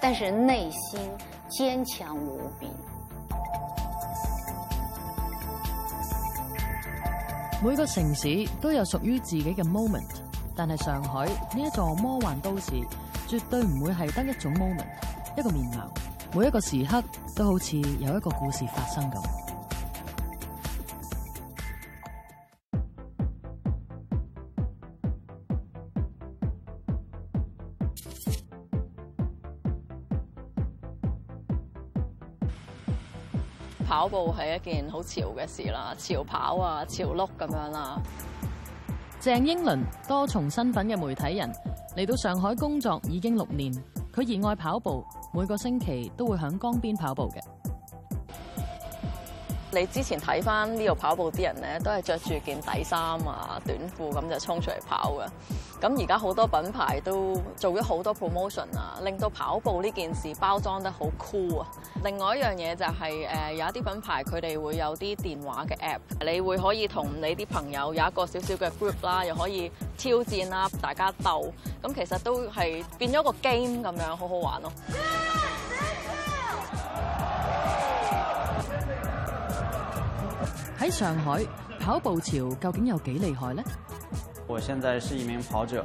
但是內心堅強無比。每個城市都有屬於自己嘅 moment，但係上海呢一座魔幻都市，絕對唔會係得一種 moment 一個面貌。每一個時刻都好似有一個故事發生咁。跑步係一件好潮嘅事啦，潮跑啊，潮碌咁樣啦。鄭櫻綸多重身份嘅媒體人嚟到上海工作已經六年，佢熱愛跑步，每個星期都會響江邊跑步嘅。你之前睇翻呢度跑步啲人咧，都係着住件底衫啊、短褲咁就衝出嚟跑㗎。咁而家好多品牌都做咗好多 promotion 啊，令到跑步呢件事包裝得好酷啊。另外一樣嘢就係誒，有一啲品牌佢哋會有啲電話嘅 app，你會可以同你啲朋友有一個少少嘅 group 啦，又可以挑戰啦，大家鬥，咁其實都係變咗個 game 咁樣，好好玩咯。喺上海跑步潮究竟有幾厲害咧？我現在是一名跑者。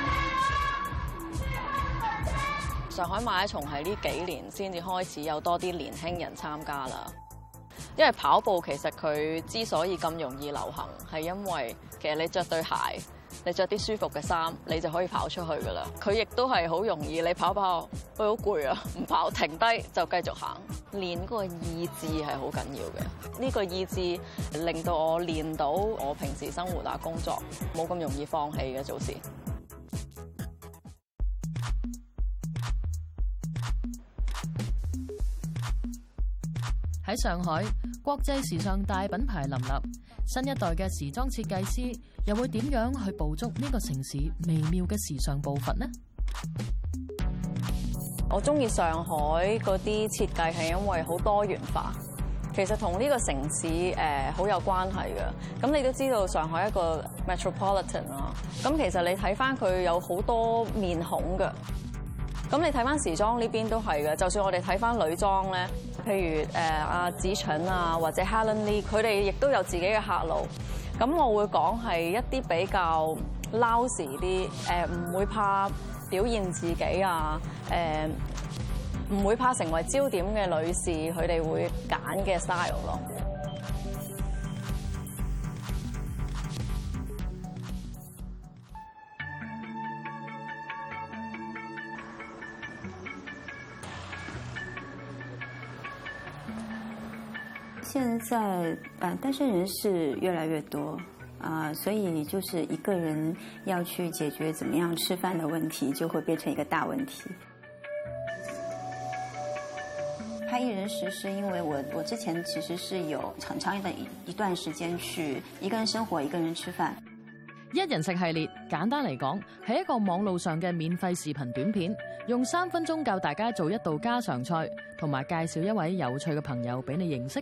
上海馬拉松係呢幾年先至開始有多啲年輕人參加啦。因為跑步其實佢之所以咁容易流行，係因為其實你着對鞋，你着啲舒服嘅衫，你就可以跑出去噶啦。佢亦都係好容易，你跑跑喂，好攰啊，唔跑停低就繼續行。練嗰個意志係好緊要嘅，呢個意志令到我練到我平時生活啊、工作冇咁容易放棄嘅做事。喺上海，國際時尚大品牌林立，新一代嘅時裝設計師又會點樣去捕捉呢個城市微妙嘅時尚部分呢？我鍾意上海嗰啲設計係因為好多元化，其實同呢個城市誒好有關係嘅。咁你都知道上海一個 metropolitan 啊，咁其實你睇返佢有好多面孔㗎，咁你睇返時裝呢邊都係嘅。就算我哋睇返女裝咧。譬如誒阿子蠢啊，或者 Helen Lee，佢哋亦都有自己嘅客路。咁我會講係一啲比較撈時啲，誒、呃、唔會怕表現自己啊，誒、呃、唔會怕成為焦點嘅女士，佢哋會揀嘅 style 咯。現在，單身人士越來越多啊，所以就是一個人，要去解決怎麼樣吃飯的問題，就會變成一個大問題。拍一人食是因為我，我之前其實是有很長一段一段時間去一個人生活，一個人吃飯。一人食系列簡單嚟講，係一個網絡上嘅免費視頻短片，用三分鐘教大家做一道家常菜，同埋介紹一位有趣嘅朋友俾你認識。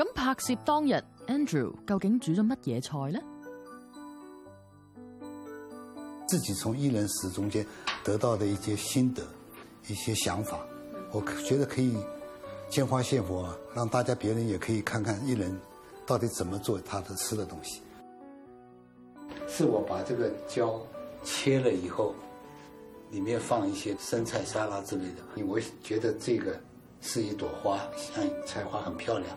咁拍攝當日，Andrew 究竟煮咗乜嘢菜呢？自己從一人食中間得到的一些心得、一些想法，我覺得可以借花獻佛，讓大家別人也可以看看一人到底怎麼做他的吃的東西。是我把這個膠切了以後，裏面放一些生菜沙拉之類的，因為我覺得這個是一朵花，像菜花，很漂亮。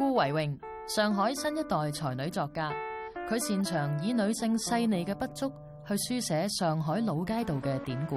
顧維榮，上海新一代才女作家，佢擅長以女性細膩嘅筆觸，去書寫上海老街道嘅典故。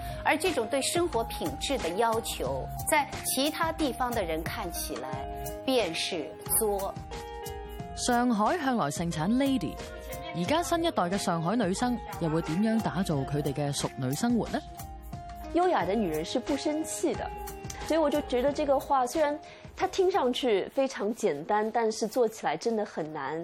而這種對生活品質的要求，在其他地方的人看起來，便是作。上海向來盛產 Lady，而家新一代嘅上海女生又會點樣打造佢哋嘅淑女生活呢？優雅的女人是不生氣的，所以我就覺得這個話雖然她聽上去非常簡單，但是做起來真的很難。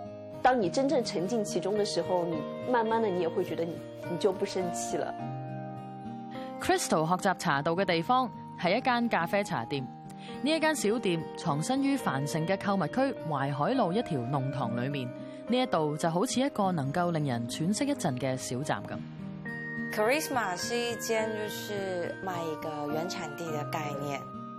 當你真正沉浸其中的時候，你慢慢的你也會覺得你你就不生氣了。Crystal 學習茶道嘅地方係一間咖啡茶店，呢一間小店藏身於繁盛嘅購物區淮海路一條弄堂裏面，呢一度就好似一個能夠令人喘息一陣嘅小站咁。Charisma 是一間就是賣一個原產地嘅概念。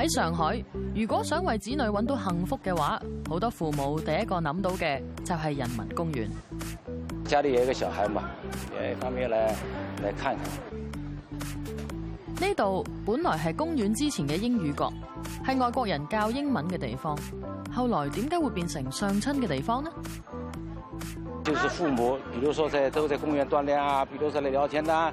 喺上海，如果想為子女揾到幸福嘅話，好多父母第一個諗到嘅就係人民公園。家裏有一個小孩嘛，誒，咁樣咧嚟看下。呢度本來係公園之前嘅英語角，係外國人教英文嘅地方。後來點解會變成相親嘅地方呢？就是父母，比如說在都在公園鍛煉啊，比如說嚟聊天啊。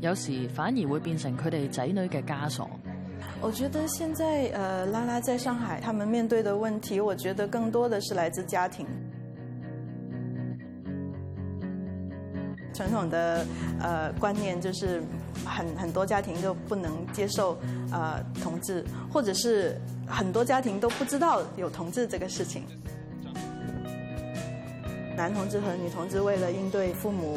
有時反而會變成佢哋仔女嘅枷鎖。我覺得現在，呃，拉拉在上海，他們面對嘅問題，我覺得更多的是來自家庭。傳統的，呃，觀念就是很很多家庭都不能接受啊，呃，同志，或者是很多家庭都不知道有同志這個事情。男同志和女同志為了應對父母。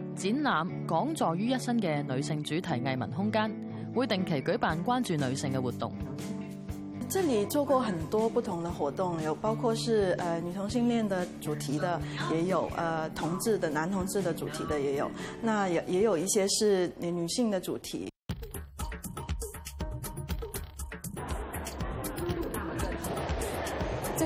展覽、講座於一身嘅女性主題藝文空間，會定期舉辦關注女性嘅活動。這裏做過很多不同的活動，有包括是誒、呃、女同性戀的主題的，也有誒、呃、同志的男同志的主題的，也有，那也也有一些是女性的主題。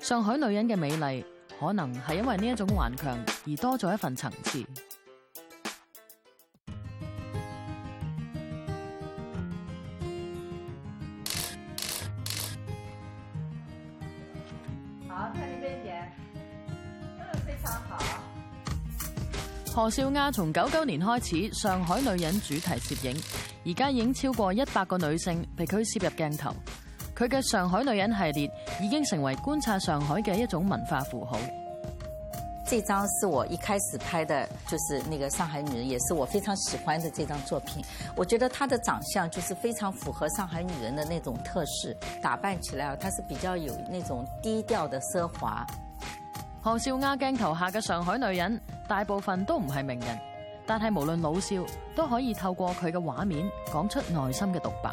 上海女人嘅美麗，可能係因為呢一種頑強而多咗一份層次。何少亞從九九年開始上海女人主題攝影，而家已經超過一百個女性被佢攝入鏡頭。佢嘅上海女人系列已經成為觀察上海嘅一種文化符號。這張是我一開始拍的，就是那個上海女人，也是我非常喜歡的這張作品。我覺得她的長相就是非常符合上海女人的那種特質，打扮起來啊，她是比較有那種低調的奢華。何少亞鏡頭下嘅上海女人，大部分都唔係名人，但係無論老少都可以透過佢嘅畫面講出內心嘅獨白。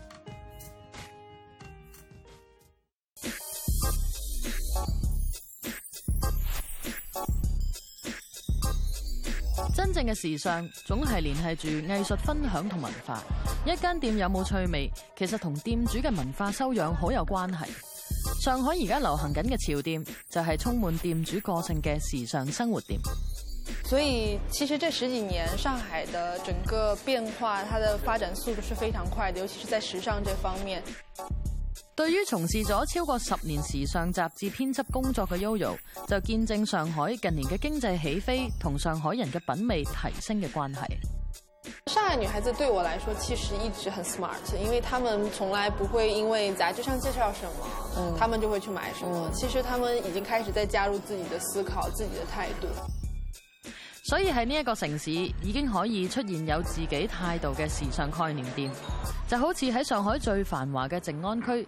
嘅時尚總係聯繫住藝術分享同文化，一間店有冇趣味，其實同店主嘅文化修養好有關係。上海而家流行緊嘅潮店，就係充滿店主個性嘅時尚生活店。所以其實這十幾年上海的整個變化，它的發展速度是非常快的，尤其是在時尚這方面。對於從事咗超過十年時尚雜誌編輯工作嘅 Yoyo 就見證上海近年嘅經濟起飛同上海人嘅品味提升嘅關係。上海女孩子對我來說其實一直很 smart，因為她們從來不會因為雜誌上介紹什麼，她們就會去買什麼。其實她們已經開始在加入自己的思考、自己的態度。所以喺呢一個城市，已經可以出現有自己態度嘅時尚概念店，就好似喺上海最繁華嘅靜安區。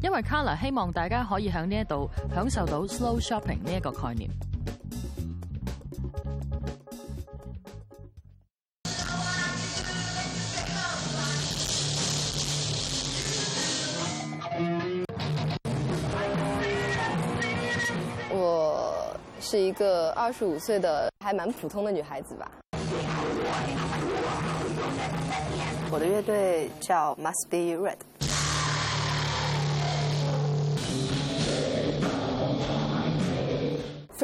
因為 Carla 希望大家可以喺呢一度享受到 slow shopping 呢一個概念。我是一個二十五歲的，還蠻普通的女孩子吧。我的樂隊叫 Must Be Red。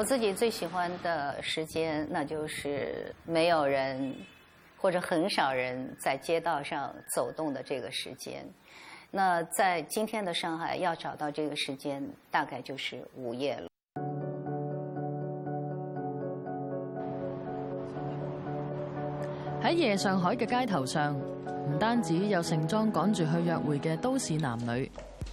我自己最喜歡的時間，那就是沒有人或者很少人在街道上走動的這個時間。那在今天的上海，要找到這個時間，大概就是午夜了。喺夜上海嘅街頭上，唔單止有盛裝趕住去約會嘅都市男女。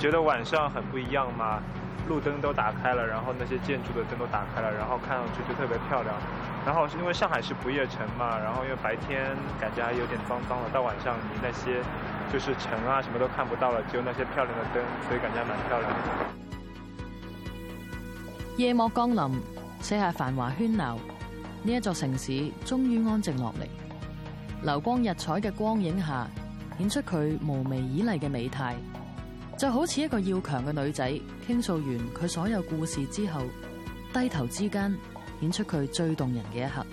覺得晚上很不一樣嘛，路燈都打開了，然後那些建築的燈都打開了，然後看上去就特別漂亮。然後是因為上海是不夜城嘛，然後因為白天感覺還有點髒髒的，到晚上你那些就是城啊什麼都看不到了，只有那些漂亮的燈，所以感覺蠻漂亮的。夜幕降臨，卸下繁華喧鬧，呢一座城市終於安靜落嚟。流光溢彩嘅光影下，顯出佢嫵媚綺麗嘅美態。就好似一個要強嘅女仔，傾訴完佢所有故事之後，低頭之間顯出佢最動人嘅一刻。